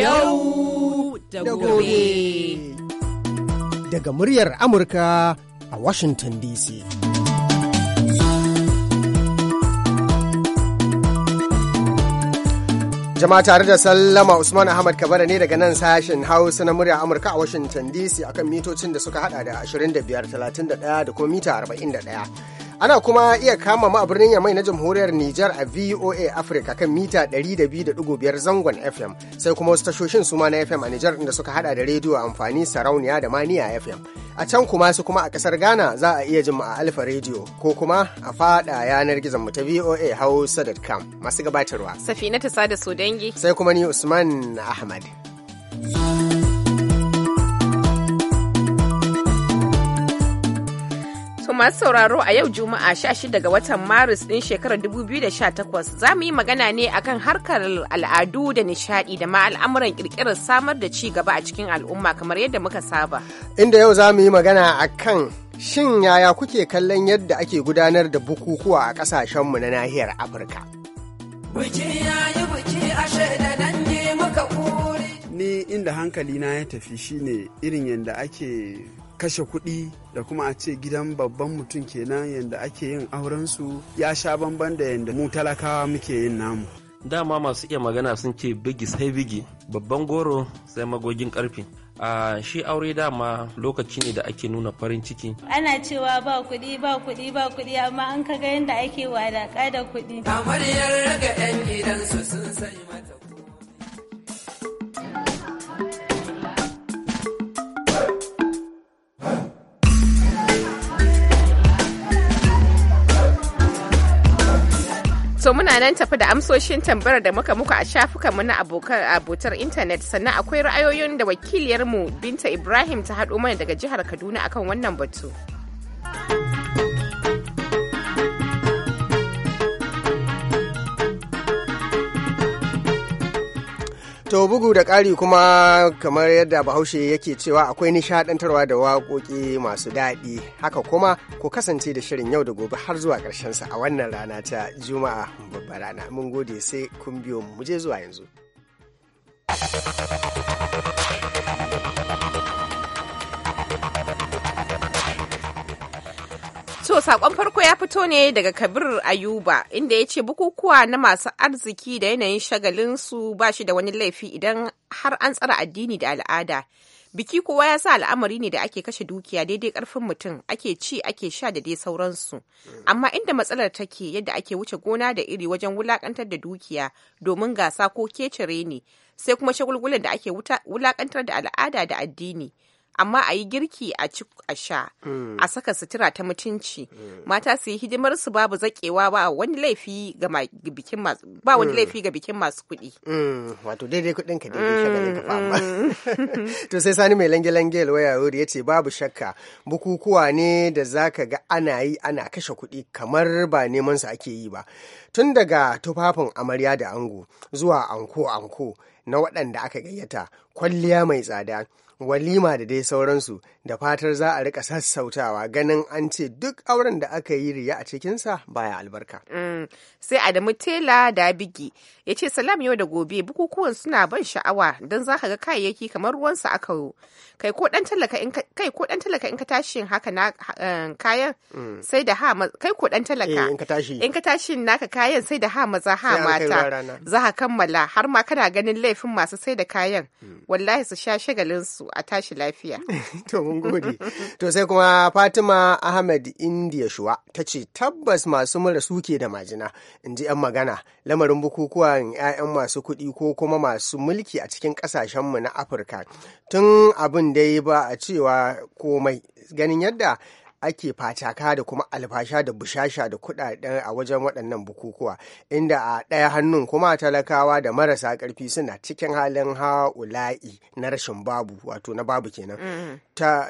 yau da gobe. Daga muryar Amurka a Washington DC. Jama'a tare da sallama Usman Ahmad Kabara ne daga nan sashen Hausa na murya Amurka a Washington DC akan mitocin da suka hada da 25, 31 da kuma mita 41. Ana kuma iya kama mu a birnin Yamai na Jamhuriyar Nijar a VOA Africa kan mita 200.5 zangon FM sai kuma wasu tashoshin suma na FM a Nijar inda suka hada da rediyo amfani sarauniya da maniya FM. A can kuma su kuma a kasar Ghana za a iya jin a Alfa Radio ko kuma a fada yanar gizon mu ta VOA Hausa.com masu gabatarwa. Safina ta sada dangi. Sai kuma ni Usman Ahmad. masu sauraro a yau Juma'a 16 ga watan Maris ɗin shekarar 2018 za mu yi magana ne akan harkar al'adu da nishaɗi da ma al'amuran kirkirar samar da ci gaba a cikin al'umma kamar yadda muka saba. Inda yau za mu yi magana akan shin yaya kuke kallon yadda ake gudanar da bukukuwa a mu na nahiyar Afirka. Ni inda hankali na ya tafi shine irin yadda ake kashe kuɗi da kuma a ce gidan babban mutum kenan yadda ake yin aurensu ya sha bamban da yadda mu talakawa muke yin namu. Dama masu iya magana sun ce bigi sai bigi babban goro sai magogin karfe. a shi aure dama lokaci ne da ake nuna farin ciki ana cewa ba kuɗi ba kuɗi ba kuɗi amma an kaga yadda ake wadaƙa da kuɗi kamar 'yan gidansu sun sai mata nan tafi da amsoshin tambayar da muka muku a shafukanmu na abokan abotar intanet sannan akwai ra'ayoyin da wakiliyarmu Binta Ibrahim ta haɗo mana daga jihar Kaduna akan wannan batu. To bugu da ƙari kuma kamar yadda Bahaushe yake cewa akwai nishaɗantarwa da waƙoƙi masu daɗi. Haka kuma ku kasance da shirin yau da gobe har zuwa sa a wannan rana ta Juma'a babbar rana. Mun gode sai kun biyo mu je zuwa yanzu. To sakon farko ya fito ne daga Kabir Ayuba inda ya ce bukukuwa na masu arziki da yanayin shagalin su ba shi da wani laifi idan har an tsara addini da al'ada. Biki kowa ya sa al'amari ne da ake kashe dukiya daidai karfin mutum ake ci ake sha da dai sauransu. Amma inda matsalar take yadda ake wuce gona da iri wajen wulakantar da dukiya domin gasa ko kecire ne sai kuma shagulgulan da ake wulaƙantar da al'ada da addini. amma a yi girki a ci a sha mm. a saka sutura ta mutunci mm. mata su yi hidimar su babu zakewa ba wani laifi ga bikin masu ba wani mm. laifi ga bikin masu kuɗi wato daidai kuɗin ka daidai ne ka to sai sani mai lange lange waya wuri yace babu shakka bukukuwa ne da zaka ga ana yi ana kashe kuɗi kamar ba neman su ake yi ba tun daga tufafin amarya da ango zuwa anko-anko na waɗanda aka gayyata kwalliya mai tsada walima da dai sauransu da fatar za a rika sassautawa ganin an ce duk auren da aka yi riya a cikinsa baya albarka. Mm, sai adamu tela da bigi ya ce salam yau da gobe bukukuwan suna ban sha'awa don za ka ga kayayyaki kamar ruwansa aka yi kai ko dan talaka in ka tashi haka na eh, kayan mm. sai da ha kai ko dan talaka eh, in ka tashi naka kayan sai da ha maza ha mata za a kammala har ma kana ganin laifin masu sai da kayan hmm. wallahi su sha shagalin su a tashi lafiya to mun gode to sai kuma Fatima Ahmed India Shuwa ta ce tabbas masu mura suke da majina in ji yan magana lamarin bukukuwan 'ya'yan masu kuɗi ko kuma masu mulki a cikin mu na Afirka tun abin dai ba a cewa komai ganin yadda ake fataka da kuma alfasha da bushasha da kuɗaɗen a wajen waɗannan bukukuwa inda a ɗaya hannun kuma talakawa da marasa ƙarfi suna cikin halin ha'ula'i na rashin babu wato na babu kenan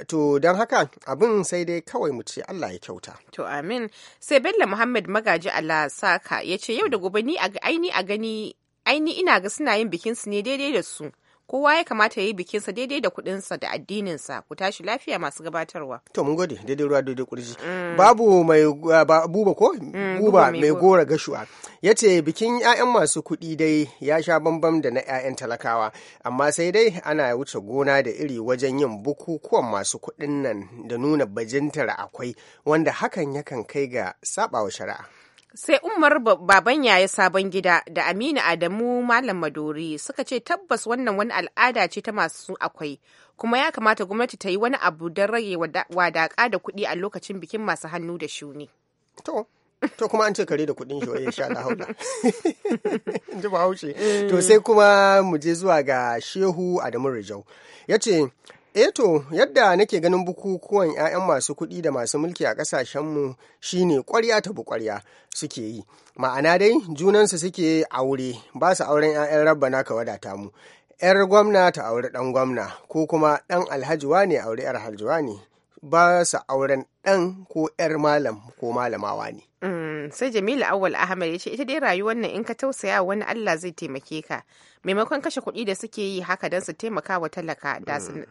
to don haka abin sai dai kawai mu ce Allah ya kyauta to amin sai Bello Muhammad magaji Allah saka ya ce yau da gobe ni a aini a gani aini ina ga suna yin bikin su ne daidai da su kowa ya kamata ya yi bikinsa daidai da kuɗinsa da addininsa ku tashi lafiya masu gabatarwa. To mun gode daidai ruwa daidai kudi. Mm. Babu mai ah, buba ko? Mm, buba mai gora gashuwa. Ya ce bikin 'ya'yan masu kuɗi dai ya sha bambam da na 'ya'yan talakawa amma sai dai ana wuce gona da iri wajen yin bukukuwan masu kuɗin nan da nuna bajintar akwai wanda hakan yakan kai ga saɓawa shari'a. sai umar baban yaya sabon gida da aminu adamu malam madori suka ce tabbas wannan wani al'ada ce ta masu akwai kuma ya kamata gwamnati ta yi wani abu don rage wadaƙa da kuɗi a lokacin bikin masu hannu da shuni to kuma an ce kare da kuɗin shi ya sha da in ji bahaushe eh. to sai kuma mu je zuwa ga shehu adamu rijau ya eto eh yadda nake ganin bukukuwan 'ya'yan masu kuɗi da masu mulki a ƙasashenmu shine ƙwarya ta buƙwarya suke yi ma'ana dai junansu suke aure ba su auren 'ya'yan rabba naka wadata mu 'yar gwamna ta auri ɗan gwamna ko kuma ɗan alhajiwa ne auri 'yar haljiwa ne ba su auren ɗan ko 'yar malam ko malamawa ne. Mm, sai jamilu awal ahmad ya ce ita dai rayuwar nan in ka tausaya wani allah zai taimake ka maimakon kashe kuɗi da suke yi haka don su taimaka wa talaka da mm. sun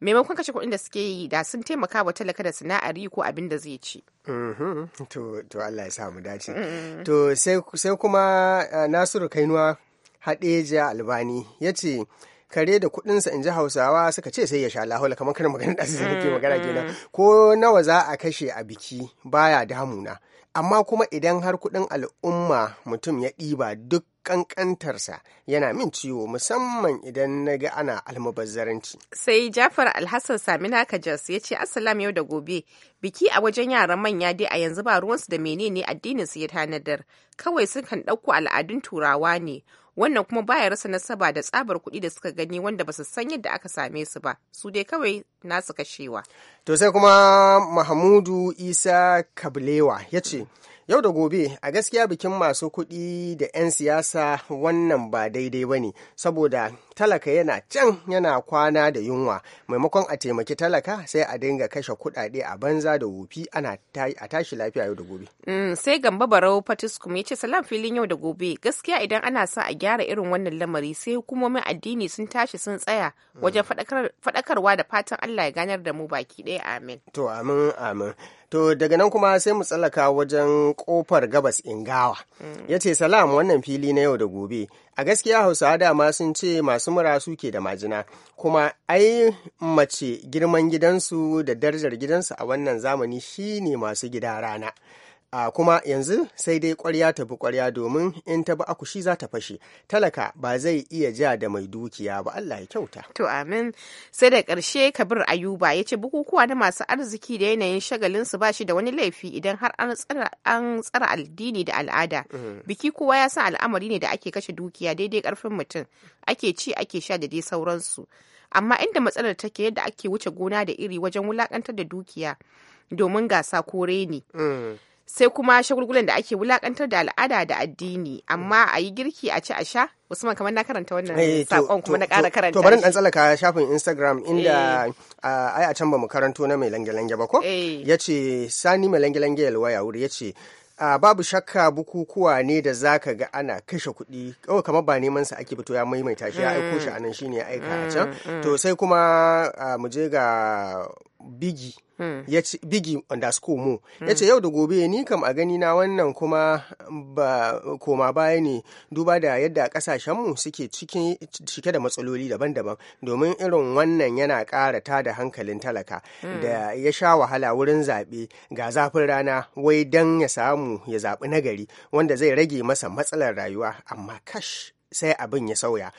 maimakon kashe kuɗin da suke yi da sun taimaka wa talaka da sana'ar yi ko abin da zai ci. Mm-hmm. to allah ya samu dace mm. to sai kuma eh, nasiru kainuwa haɗeja albani ya ce kare da kuɗinsa in ji hausawa suka ce sai ya sha lahola kamar kana magana da su nake magana mm. kenan ko nawa za a kashe a biki baya damuna amma kuma idan har kuɗin al'umma mutum ya ɗiba duk kankantarsa yana min ciwo musamman idan na ga ana almubazzaranci. Sai Jafar Alhassan Samina Kajas ya ce asalam yau da gobe biki a wajen yaran manya dai a yanzu ba ruwansu da menene addinin su ya tanadar kawai sukan ɗauko al'adun turawa ne wannan kuma baya rasa nasaba da tsabar kuɗi da suka gani wanda ba su san yadda aka same su ba su dai kawai nasu kashewa to sai kuma mahamudu isa kablewa ya ce yau da gobe a gaskiya bikin masu kuɗi da 'yan siyasa wannan ba daidai ba ne saboda talaka yana can yana kwana da yunwa maimakon a taimaki talaka sai a dinga kashe kudade a banza da wofi ana a tashi lafiya yau da gobe. Mm, sai gamba barau kuma ya ce salam filin yau da gobe gaskiya idan ana sa a gyara irin wannan lamari sai hukumomin addini sun tashi sun tsaya wajen faɗakarwa da fatan allah ya ganar da mu baki ɗaya amin. to amin amin. To daga nan kuma sai mu tsallaka wajen kofar gabas Ingawa. Mm. Ya ce salam wannan fili na yau da gobe. a gaskiya hausawa dama sun ce masu mura suke da majina kuma ai mace girman gidansu da darajar gidansu a wannan zamani shine masu gida rana a kuma yanzu sai dai kwarya ta bi kwarya domin in ta bi akushi za ta fashe talaka ba zai iya ja da mai dukiya ba Allah ya kyauta to amin sai da karshe kabir ayuba ya ce bukukuwa na masu arziki da yanayin shagalin su bashi da wani laifi idan har an tsara an tsara addini da al'ada mm. biki kowa ya san al'amari ne da ake kashe dukiya daidai karfin mutum ake ci ake sha da dai sauransu amma inda matsalar take yadda ake wuce gona da iri wajen wulakantar da dukiya domin gasa ko reni. sai kuma shagulgulan da ake wulakantar da al'ada da addini amma a yi girki a ci a sha usman kamar na karanta wannan eh, saƙon kuma na ƙara karanta to bari dan tsallaka shafin instagram inda eh. ah, ai a can ba mu karanto na mai lange-lange ba ko eh. Ya ce sani mai lange-lange yalwa ya wuri ya ce ah, babu shakka bukukuwa ne da za ka ga ana kashe kuɗi kawai kamar ba neman sa ake fito ya maimaita shi ya aiko shi a nan shine ya aika a can mm, mm, mm. to sai kuma ah, mu je ga bigi hmm. ya ce bigi underscore mo hmm. ya ce yau da gobe ni kam a gani na wannan kuma ba koma baya ne duba da yadda mu suke cike da matsaloli daban-daban domin irin wannan yana ƙara ta da hankalin talaka hmm. da ya sha wahala wurin zaɓe ga zafin rana wai don ya samu ya zaɓi nagari wanda zai rage masa matsalar rayuwa amma kash sai abin ya sauya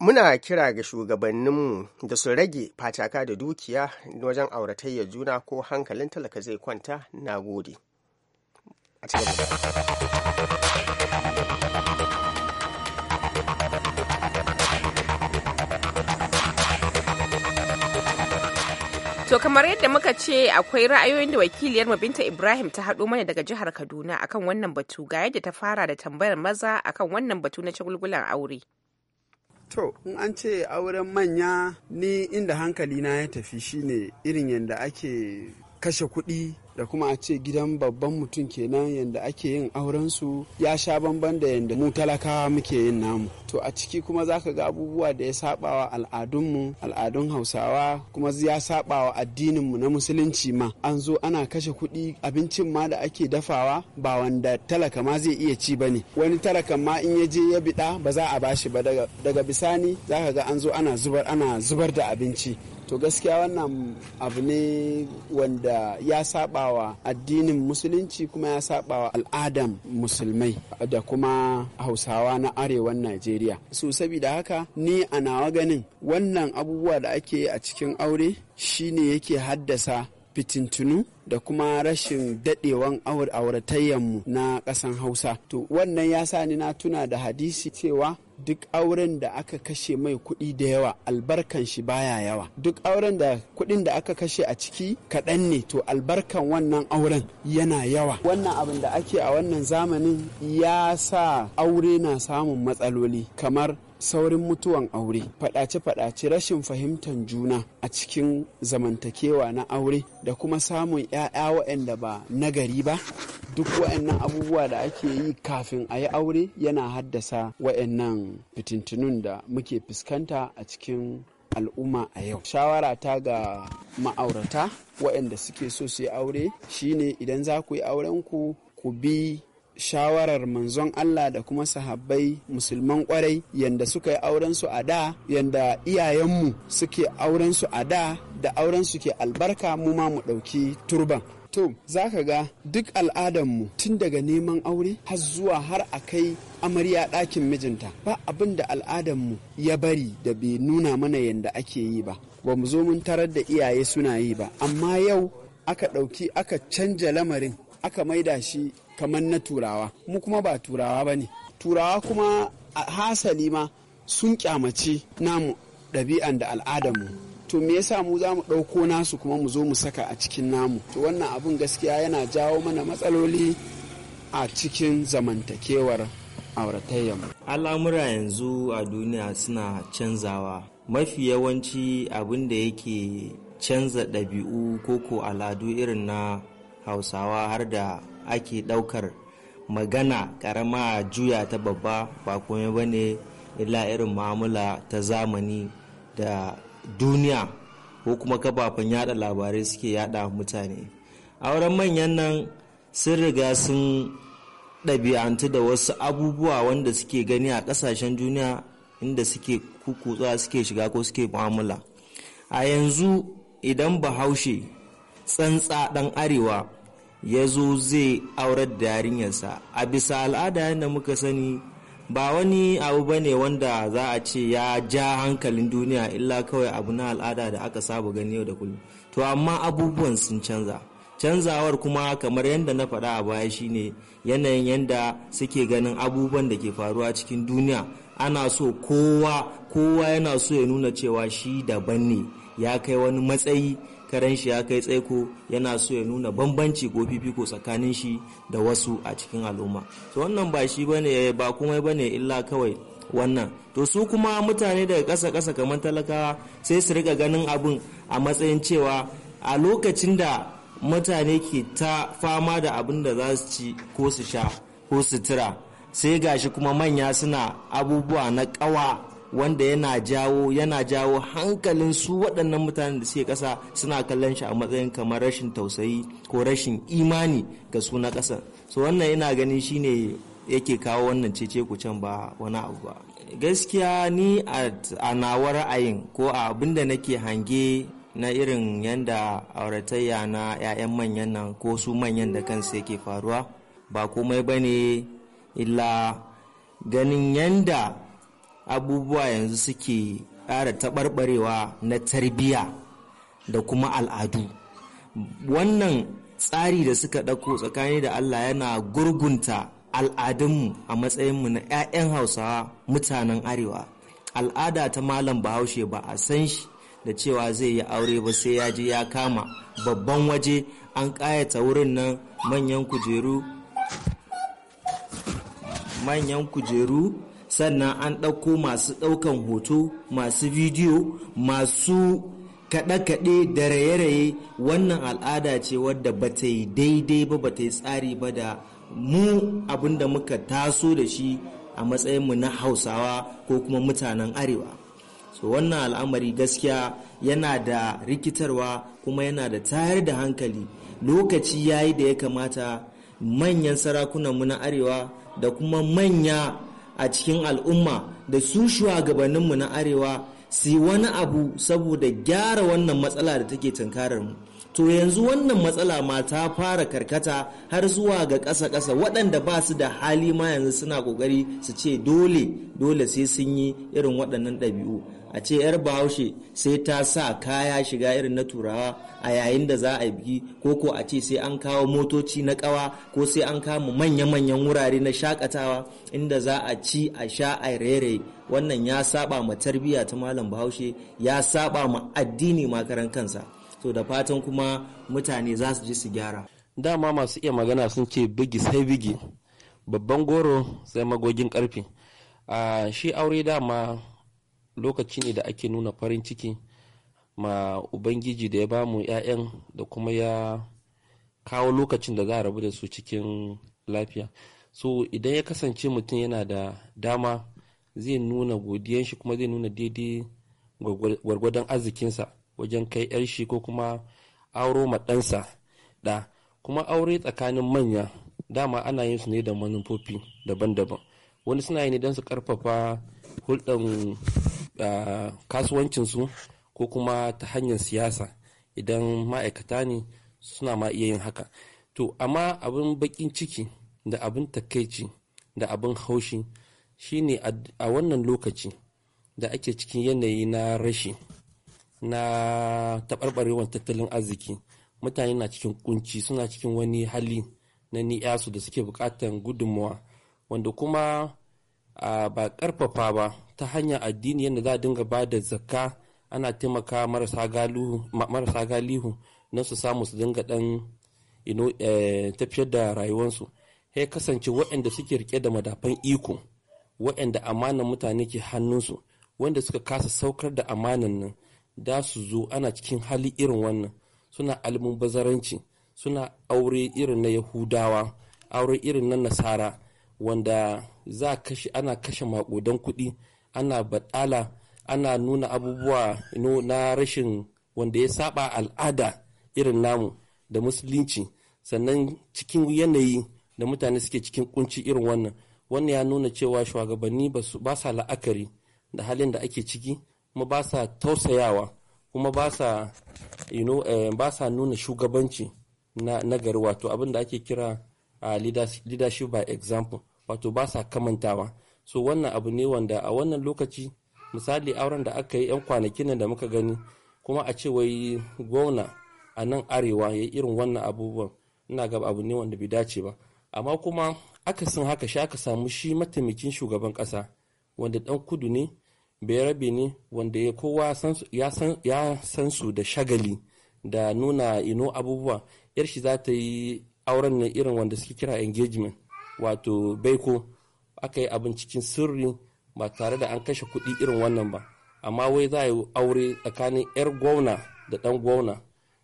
muna kira ga shugabanninmu da su rage fataka da dukiya wajen auratayya juna ko hankalin talaka zai kwanta na gode To kamar yadda muka ce akwai ra'ayoyin da wakiliyar Binta Ibrahim ta haɗo mana daga jihar Kaduna akan wannan batu ga yadda ta fara da tambayar maza akan wannan batu na shagulgulan aure. To, in an ce auren manya ni inda hankali na ya tafi shine irin yadda ake kashe kuɗi da kuma a ce gidan babban mutum kenan yadda ake yin aurensu ya sha bamban da yadda mu talakawa muke yin namu to a ciki kuma za ka ga abubuwa da ya sabawa wa al'adunmu al'adun hausawa kuma ya sabawa wa addininmu na musulunci ma an zo ana kashe kuɗi abincin ma da ake dafawa ba wanda talaka ma zai iya ci ba ne wani talakan ma in ya je ya biɗa ba za a bashi ba daga bisani za ka ga an zo ana zubar ana zubar da abinci to gaskiya wannan abu ne wanda ya sabawa addinin musulunci kuma ya sabawa al'adan musulmai da kuma hausawa na arewan najeriya su sabida haka ni a nawa ganin wannan abubuwa da ake a cikin aure shi ne yake haddasa fitintunu da kuma rashin dadewan auratayyanmu na ƙasan hausa to wannan ya sa ni na tuna da hadisi cewa duk auren da aka kashe mai kuɗi da yawa albarkan shi baya yawa duk auren da kuɗin da aka kashe a ciki kaɗan ne to albarkan wannan auren yana yawa wannan abin da ake a wannan zamanin ya sa aure na samun matsaloli kamar saurin mutuwan aure faɗace-faɗace rashin fahimtar juna a cikin zamantakewa na aure da kuma samun 'ya'ya waɗanda ba nagari ba duk waɗannan abubuwa da ake yi kafin a yi aure yana haddasa waɗannan fitintunun da muke fuskanta a cikin al'umma a yau shawara ta ga ma'aurata waɗanda suke so su yi aure shine idan za ku yi aurenku ku bi shawarar manzon Allah da kuma sahabbai musulman kwarai yanda suka yi aurensu a da yanda iyayenmu suke aurensu a da da aurensu ke albarka mu ma mu ɗauki turban to za ka ga duk al'adanmu tun daga neman aure har zuwa har a kai amarya ɗakin mijinta ba abin da al'adanmu ya bari da bai nuna mana yadda ake yi ba ba mu zo mun tarar da iyaye suna yi ba amma yau aka ɗauki aka canja lamarin aka maida shi kamar na turawa mu kuma ba turawa ba ne turawa kuma hasali ma sun kyamace namu ɗabi'an da al'adarmu to me yasa mu za mu ɗauko nasu kuma mu zo mu saka a cikin namu to wannan abun gaskiya yana jawo mana matsaloli a cikin zamantakewar mu. al'amura yanzu a duniya suna canzawa mafi yawanci abin da yake canza ɗabi'u koko al'adu irin na hausawa har da ake ɗaukar magana ƙarama juya ta babba ba komai ba ne illa irin mu'amala ta zamani da duniya ko kuma kafafen yada labarai suke yada mutane auren manyan nan sun riga sun ɗabi'antu da wasu abubuwa wanda suke gani a ƙasashen duniya inda suke kukutsa suke shiga ko suke mu'amala a yanzu idan bahaushe tsantsa dan arewa ya zo zai aurar da yarinyarsa a bisa al'ada yadda muka sani ba wani abu ba ne wanda za a ce ya ja hankalin duniya illa kawai abu na al'ada da aka saba gani yau da kullum to amma abubuwan sun canza canzawar kuma kamar yadda na faɗa a baya shine yanayin yadda suke ganin abubuwan da ke faruwa cikin duniya ana so kowa kowa yana so ya nuna cewa shi daban ne ya kai wani matsayi karen shi ya kai tsaiko yana so ya nuna bambanci ko fifiko tsakanin shi da wasu a cikin al'umma to wannan ba shi bane ba kuma bane illa kawai wannan to su kuma mutane daga ƙasa ƙasa kamar talakawa sai su rika ganin abin a matsayin cewa a lokacin da mutane ke ta fama da abin da za su ci ko su sha ko sutura sai gashi kuma manya suna abubuwa na ƙawa wanda yana jawo yana jawo hankalin su waɗannan mutanen da suke ƙasa suna kallon shi a matsayin kamar rashin tausayi ko rashin imani ga su na ƙasa so wannan yana ganin shine yake kawo wannan cece ku can ba wani abu ba gaskiya ni a nawa ra'ayin ko a abin da nake hange na irin yanda auratayya na 'ya'yan manyan nan ko su manyan da kansu yake faruwa ba komai ba ne illa ganin yanda abubuwa yanzu suke ƙara taɓarɓarewa na tarbiyya da kuma al'adu wannan tsari da suka ɗauko tsakani da allah yana gurgunta al'adunmu a matsayinmu na 'ya'yan hausawa mutanen arewa al'ada ta malam bahaushe ba a san shi da cewa zai yi aure ba sai ya je ya kama babban waje an ƙayata wurin nan manyan manyan kujeru sannan an ɗauko masu ɗaukan hoto masu bidiyo masu kaɗe-kaɗe da raye-raye wannan al'ada ce wadda ba ta yi daidai ba ba ta yi tsari ba da mu abin da muka taso da shi a matsayinmu na hausawa ko kuma mutanen arewa so wannan al'amari gaskiya yana da rikitarwa kuma yana da tayar da hankali lokaci yayi da ya kamata manyan sarakunanmu na arewa da kuma manya a cikin al'umma da su shugabanninmu na arewa su yi wani abu saboda gyara wannan matsala da take tunkarar mu to yanzu wannan matsala ma ta fara karkata har zuwa ga ƙasa-ƙasa waɗanda ba su da hali ma yanzu suna ƙoƙari su ce dole dole sai sun yi irin waɗannan ɗabi'u a ce 'yar bahaushe sai ta sa kaya shiga irin na turawa a yayin da za a biki ko ko a ce sai an kawo motoci na ƙawa ko sai an kama manya-manyan wurare na shakatawa inda za a ci a sha a rere wannan ya saba ma tarbiyya ta malam bahaushe ya saba ma addini makaran kansa to da fatan kuma mutane za su ji su gyara dama masu iya magana sun ce bigi sai bigi babban goro sai magogin karfe a shi aure dama lokaci ne da ake nuna farin ciki ma ubangiji da ya ba mu 'ya'yan da kuma ya kawo lokacin da za a rabu da su cikin lafiya so idan ya kasance mutum yana da dama zai nuna godiyan shi kuma zai nuna daidai gwargwadon arzikinsa wajen kai yar shi ko kuma auro ma ɗansa da kuma aure tsakanin manya dama ana yin su ne da manufofi daban-daban wani suna yi ne don su karfafa hulɗan kasuwancinsu ko kuma ta hanyar siyasa idan ma'aikata ne suna ma iya yin haka to amma abin baƙin ciki da abin takaici da abin haushi shine a wannan lokaci da ake cikin yanayi na rashi na taɓarɓarewar tattalin arziki mutane na cikin kunci suna cikin wani hali na su da suke buƙatar gudunmawa wanda kuma ba ƙarfafa ba ta hanyar addini yadda za a dinga ba da zakka ana taimaka marasa galihu na su samu su dinga ɗan eh, tafiyar da rayuwarsu ya kasance waɗanda suke rike da madafan iko waɗanda amanar mutane ke hannunsu wanda suka kasa saukar da amanar nan da su zo ana cikin hali irin wannan suna bazaranci suna aure irin na yahudawa aure irin na nasara wanda za kashe ana kashe makudan kuɗi ana baɗala ana nuna abubuwa na rashin wanda ya saba al'ada irin namu da musulunci sannan cikin yanayi da mutane suke cikin kunci irin wannan wannan ya nuna cewa shugabanni ba sa la'akari da halin da ake ciki kuma ba sa tausayawa kuma ba sa eh, ba sa nuna shugabanci na, gari wato abin da ake kira leadership by example wato ba sa kamantawa so wannan abu ne wanda a wannan lokaci misali auren da aka yi 'yan kwanakin da muka gani kuma a ce wai gwamna a nan arewa ya irin wannan abubuwan ina gaba abu ne wanda bai dace ba amma kuma aka akasin haka shi aka samu shi mataimakin shugaban ƙasa wanda dan kudu ne berabe ne wanda ya kowa ya san su da shagali da nuna ino abubuwa yar shi za ta yi auren na irin wanda suke kira engagement wato baiko aka yi abin cikin sirri ba tare da an kashe kuɗi irin wannan ba amma wai za a yi aure tsakanin 'yar gwamna da ɗan gwamna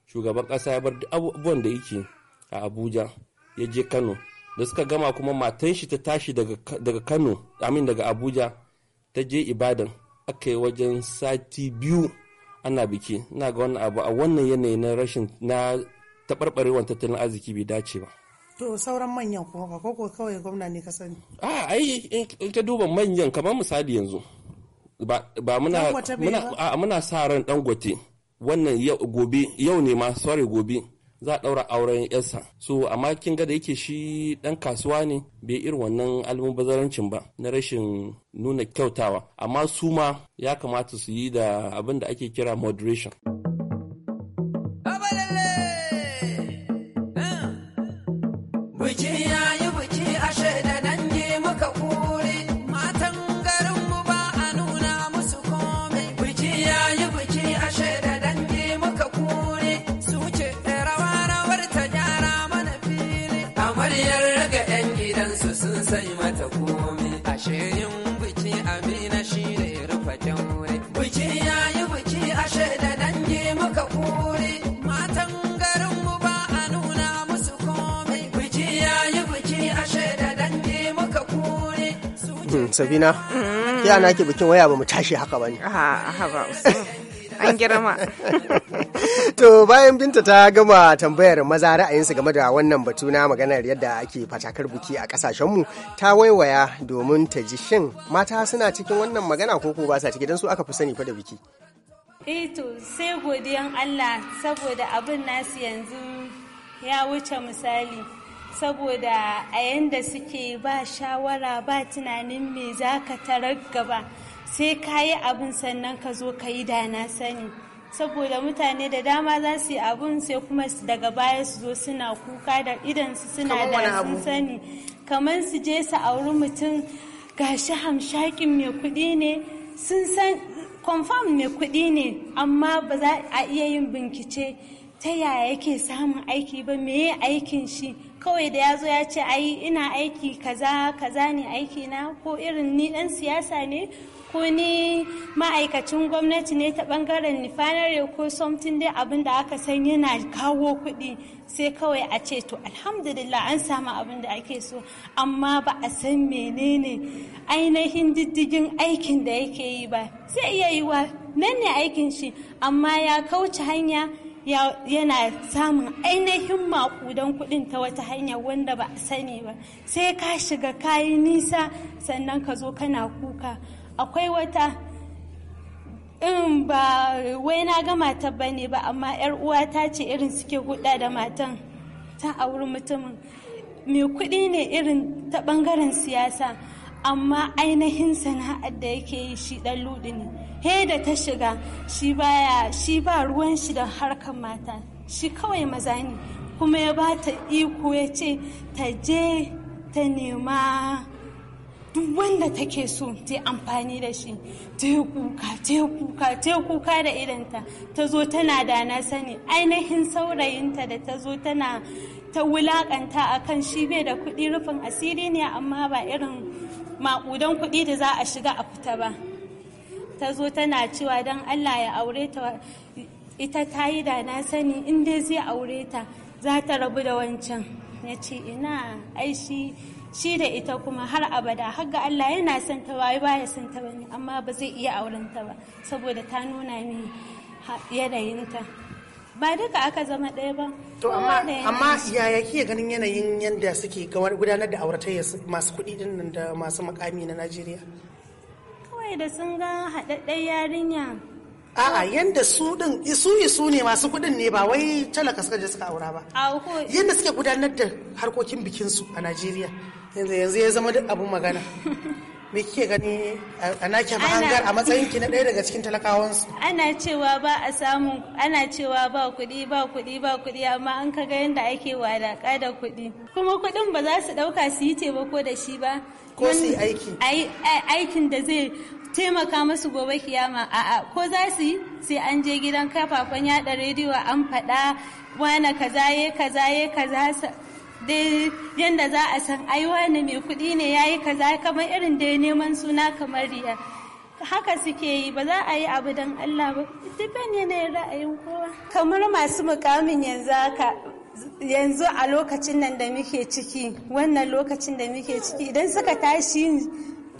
shugaban ƙasa ya bar abubuwan da yake a abuja ya je kano da suka gama kuma matan shi ta tashi daga kano amin daga abuja ta je ibadan aka yi wajen sati biyu ana biki na ga wannan abu a wannan yanayi na rashin na taɓarɓarewar tattalin arziki bai dace ba to sauran manyan kuma ba ko kawai gwamna ne ka sani a ai in ka duba manyan kamar misali yanzu ba muna muna sa ran dangote wannan gobe yau ne ma sorry gobe za a ɗaura auren yarsa so amma kin ga da yake shi ɗan kasuwa ne bai irin wannan almubazarancin ba na rashin nuna kyautawa amma su ma ya kamata su yi da abin da ake kira moderation. Safina. Mm. Ke ana ke bikin waya ba mu tashi haka ba ne. Ah, an girma. to bayan binta ta gama tambayar maza ra'ayinsu game da wannan batu na maganar yadda ake fatakar buki a kasashenmu ta waiwaya domin ta ji shin mata suna cikin wannan magana ko ko ba sa ciki don su aka fi sani fa da biki. Eh to sai godiyan Allah saboda abin nasu yanzu ya wuce misali. saboda a yanda suke ba shawara ba tunanin me za ka tarar gaba sai ka yi abin sannan ka zo ka yi da sani saboda mutane da dama za su yi abun sai kuma daga baya su zo suna kuka da su suna da sun sani kamar su je su auri mutum gashi hamshakin mai kuɗi ne sun san confirm mai kuɗi ne amma ba za a iya yin bincike ta yaya yake samun aiki ba me aikin shi kawai da ya zo ya ce ai ina aiki kaza kaza ne aiki na ko irin ni dan siyasa ne ko ni ma'aikacin gwamnati ne ta bangaren nifanare ko something dai abin da aka san yana kawo kuɗi sai kawai a ce to alhamdulillah an samu abin da ake so amma ba a san menene ainihin diddigin aikin da yake yi ba sai iya yiwa nan ne aikin shi amma ya kauce hanya yana samun ainihin makudan kudin ta wata hanya wanda ba a sani ba sai ka shiga kayi nisa sannan ka zo kana kuka akwai wata in ba wai na ga mata ba ne ba amma yar uwa ta ce irin suke huɗa da matan ta auri mutumin mai kuɗi ne irin ta ɓangaren siyasa amma ainihin sana'ar da yake yi shi ɗan luɗi ne he da ta shiga shi baya shi ba ruwan shi da harkar mata shi kawai mazani kuma ya ba ta iko ya ce ta je ta nema duk wanda take so ta amfani da shi ta yi kuka ta yi kuka ta yi kuka da idanta ta zo tana da na sani ainihin saurayinta da ta zo tana ta wulakanta akan shi bai da kuɗi rufin asiri ne amma ba irin maƙudan kuɗi da za a shiga a fita ba ta zo tana cewa don allah ya aure ta ita ta yi da na sani in dai zai aure ta za ta rabu da wancan ya ce ina ai shi shi da ita kuma har abada har ga Allah yana son ta wai baya son ta bane amma ba zai iya auren ta ba saboda ta nuna ni yanayinta ba duka aka zama ɗaya ba to amma amma yaya kike ganin yanayin yanda suke gudanar da auratayya masu kuɗi din nan da masu makami na Najeriya kai da sun ga haɗaɗɗen yarinya a'a yanda su su yi su ne masu kuɗin ne ba wai talaka suka je suka aura ba yanda suke gudanar da harkokin bikin su a Najeriya yanzu yanzu ya zama duk abun magana me kike gani a nake mahangar a matsayin ki na ɗaya daga cikin talakawan su ana cewa ba a samu ana cewa ba kuɗi ba kuɗi ba kuɗi amma an kaga yanda ake wadaka da kuɗi kuma kuɗin ba za su ɗauka su yi taimako da shi ba ko su yi aiki aikin da zai taimaka masu gobe kiyama a'a ko za su yi sai an je gidan kafafen yada rediyo an faɗa wane kaza ye kaza ye kaza dai yadda za a san ai wane mai kuɗi ne ya yi kaza kamar irin dai neman suna kamar riya haka suke yi ba za a yi abu don Allah ba dukkan yanayin ra'ayin kowa kamar masu mukamin yanzu haka yanzu a lokacin nan da muke ciki wannan lokacin da muke ciki idan suka tashi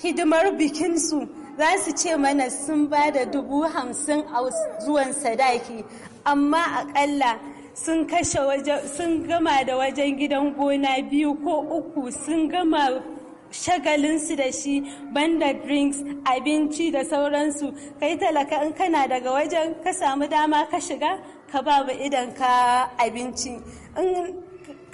hidimar bikinsu za su ce mana sun ba da dubu hamsin a zuwan sadaki amma akalla sun kashe sun gama da wajen gidan gona biyu ko uku sun gama shagalinsu da shi banda drinks abinci da sauransu kai talaka in kana daga wajen ka samu dama ka shiga ka ba ba idan ka abinci in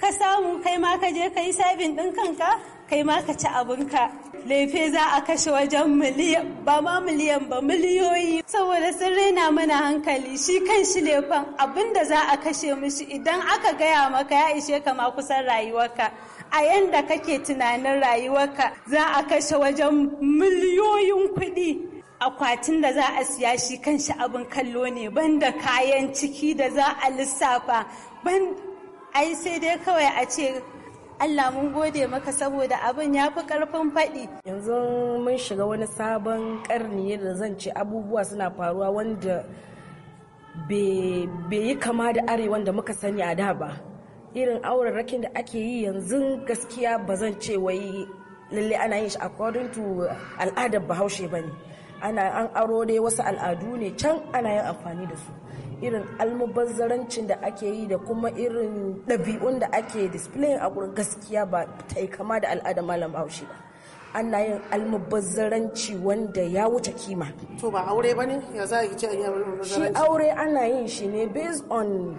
ka samu kai ma ka je ka yi sabin ɗin kanka kai ma ka ci abinka laife za a kashe wajen miliyan ba ma miliyan ba miliyoyi saboda sun raina mana hankali shi kan shi laifin abin da za a kashe mishi idan aka gaya maka ya ishe ka ma kusan rayuwarka a yanda kake tunanin rayuwarka za a kashe wajen miliyoyin kuɗi akwatin da za a siya shi kan shi abin kallo ne banda kayan ciki da za a lissafa ban ai sai dai kawai a ce Allah mun gode maka saboda abin ya fi karfin faɗi. Yanzu mun shiga wani sabon karni da zan ce abubuwa suna faruwa wanda bai yi kama da arewa da muka sani a da ba. Irin aurarrakin da ake yi yanzu gaskiya ba zan ce wai lalle ana yin shi according to al'adar bahaushe ba ne. Ana an aro dai wasu al'adu ne can ana yin amfani da su. irin almubazzarancin da ake yi da kuma irin ɗabi'un da ake display a gurin gaskiya ba ta yi kama da al'ada malam haushi ba ana yin almubazzaranci wanda ya wuce kima to ba aure ba ne ya za a ce shi aure ana yin shi ne based on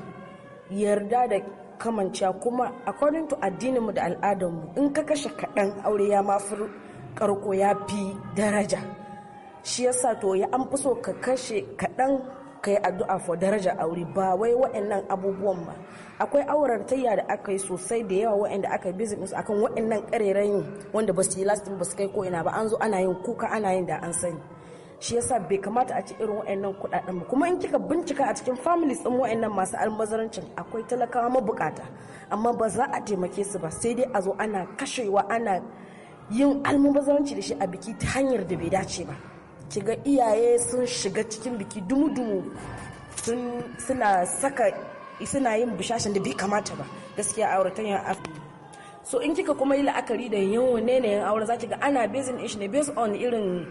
yarda da kamanciya kuma according to addininmu da al'adarmu in ka kashe kaɗan aure ya mafi karko ya fi daraja shi yasa to ya an fi so ka kashe kaɗan kai addu'a for daraja aure ba wai wa'annan abubuwan ba akwai aurartayya da aka yi sosai da yawa wa'anda aka yi business akan wa'annan karerayin wanda ba su yi lasting ba su kai ko ina ba an zo ana yin kuka ana yin da an sani shi yasa bai kamata a ci irin wa'annan kuɗaɗen ba kuma in kika bincika a cikin families din wa'annan masu almazarancin akwai talakawa mabukata amma ba za a taimake su ba sai dai a zo ana kashewa ana yin almubazaranci da shi a biki ta hanyar da bai dace ba kiga iyaye sun shiga cikin biki dumu-dumu suna saka suna yin bishashin da bai kamata ba gaskiya auratayya afirka so in kika kuma yi la'akari da yawan yanayin aure za ki ga ana based in ne based on irin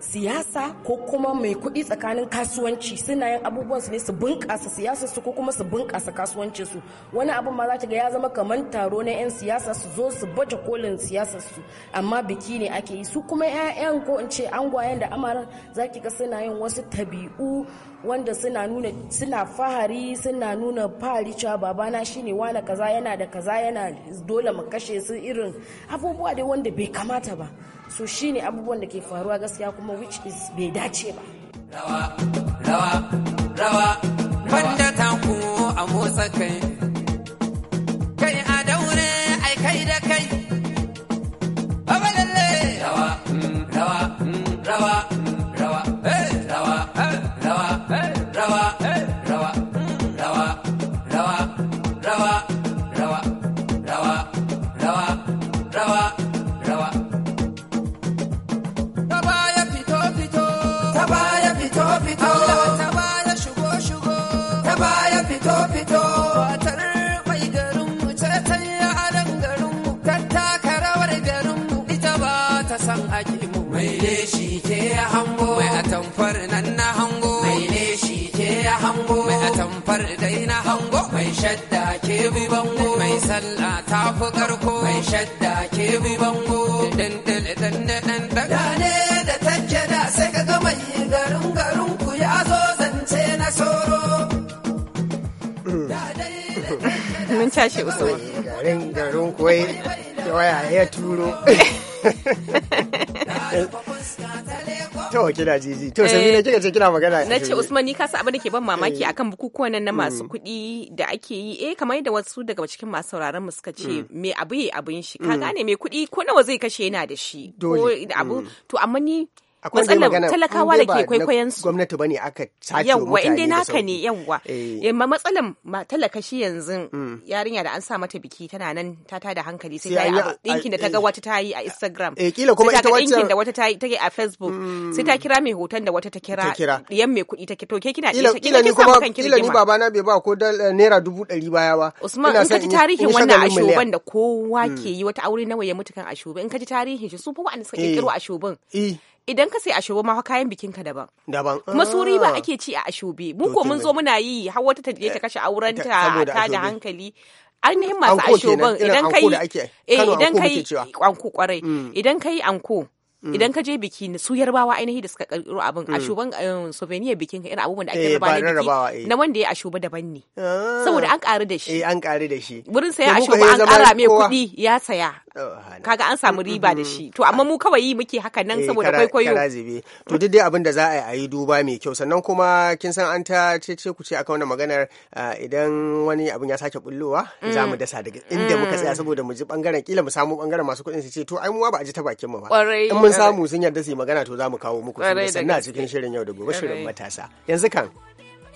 siyasa ko kuma mai kuɗi tsakanin kasuwanci suna yin abubuwan su ne su bunƙasa siyasa su ko kuma su bunƙasa kasuwancin su wani abu ma za ta ga ya zama kamar taro na 'yan siyasa su zo su baje kolin siyasar su amma biki ne ake yi su kuma 'ya'yan ko in ce angwayen da amaran za ki ga suna yin wasu tabi'u wanda suna nuna suna fahari suna nuna fahari cewa babana shine wani kaza yana da kaza yana dole mu kashe su irin abubuwa dai wanda bai kamata ba su shi ne abubuwan da ke faruwa gaskiya kuma which is bai dace ba rawa rawa rawa banda tanku a motsa kai shadda ke bi bango mai sallah ta fi karko mai shadda ke bi bango dandal dandadan da ne da take da sai ka ga mai garin garin ku ya zo zance na soro mun tashi usman garin garin kuwai waya ya turo kawai kina jiji to ne eh, kika ce kina magana na ce usman ni sa abin da ke ban mamaki eh. akan bukukuwan nan na hmm. masu kuɗi da ake yi eh kamar da wasu daga cikin masu sauraron mu suka ce hmm. me abu yi abin shi ka hmm. gane me kuɗi ko nawa zai kashe yana da shi ko abu to amma ni matsalar talakawa da ke kwaikwayon su gwamnati bane aka sace yawwa inda naka ne yawwa yamma eh. eh, matsalar talaka shi yanzu mm. yarinya da an sa mata biki tana nan ta tada hankali sai ta yi dinkin da ta eh. ga wata ta yi a Instagram eh kila kuma ita wata dinkin da wata ta yi take a Facebook mm. sai ta kira mai hoton da wata ta kira yan mai kuɗi take to ke kina ɗaya kila ni kuma kila ni babana bai ba ko naira dubu ɗari baya ba Usman in kaji tarihin wannan ashoban da kowa mm. ke yi wata aure nawa ya mutu kan ashobe in ka tarihin shi su fa wa'anda suka kirkiro ashobin idan ka sai ashobe ma kayan bikin ka daban daban kuma su ah. ake ci a ashobe mu ko mun zo muna yi har wata ta je ta eh, kashe auren ta ta da hankali ainihin masu ashoben idan kai eh, mm. idan kai anko kwarai idan kai anko idan ka je biki su yarbawa ainihi da suka karkiro abin mm. a um, souvenir bikin ka irin abubuwan da ake eh, rabawa ne biki na wanda ya a daban ne ah. saboda an karu da shi an karu da shi wurin saya ashobe an kara mai kuɗi ya saya kaga an samu riba da shi to amma mu kawai yi muke haka nan eh, saboda kwaikwayo to duk dai abin da za a yi a yi duba mai kyau sannan kuma kin san an ta ce ce ku ce akan wannan maganar ah, idan wani abin ya sake bullowa mm. za mu dasa daga inda muka tsaya mm. saboda mu ji bangaren kila mu samu bangaren masu kuɗin su ce to ai mu ba a ji ta bakin mu ba in mun samu sun yarda su yi magana to za mu kawo muku sannan a cikin shirin yau da gobe shirin matasa yanzu kan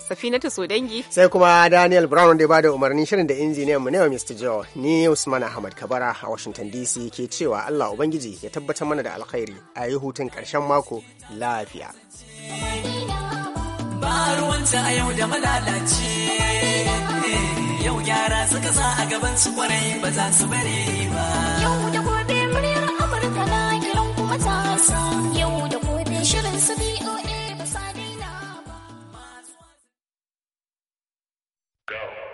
Safinatu dangi. Sai kuma Daniel Brown wanda ya bada umarni shirin da injiniyan mu wa Mr. Joe ni Usman Ahmad Kabara a Washington DC ke cewa Allah Ubangiji ya tabbatar mana da alkhairi a yi hutun ƙarshen mako lafiya. Ba ruwanta a yau da malalaci yau gyara suka sa a gaban su kwarai ba za su bare ba. Yau da gobe muryar Amurka na kiran kuma ta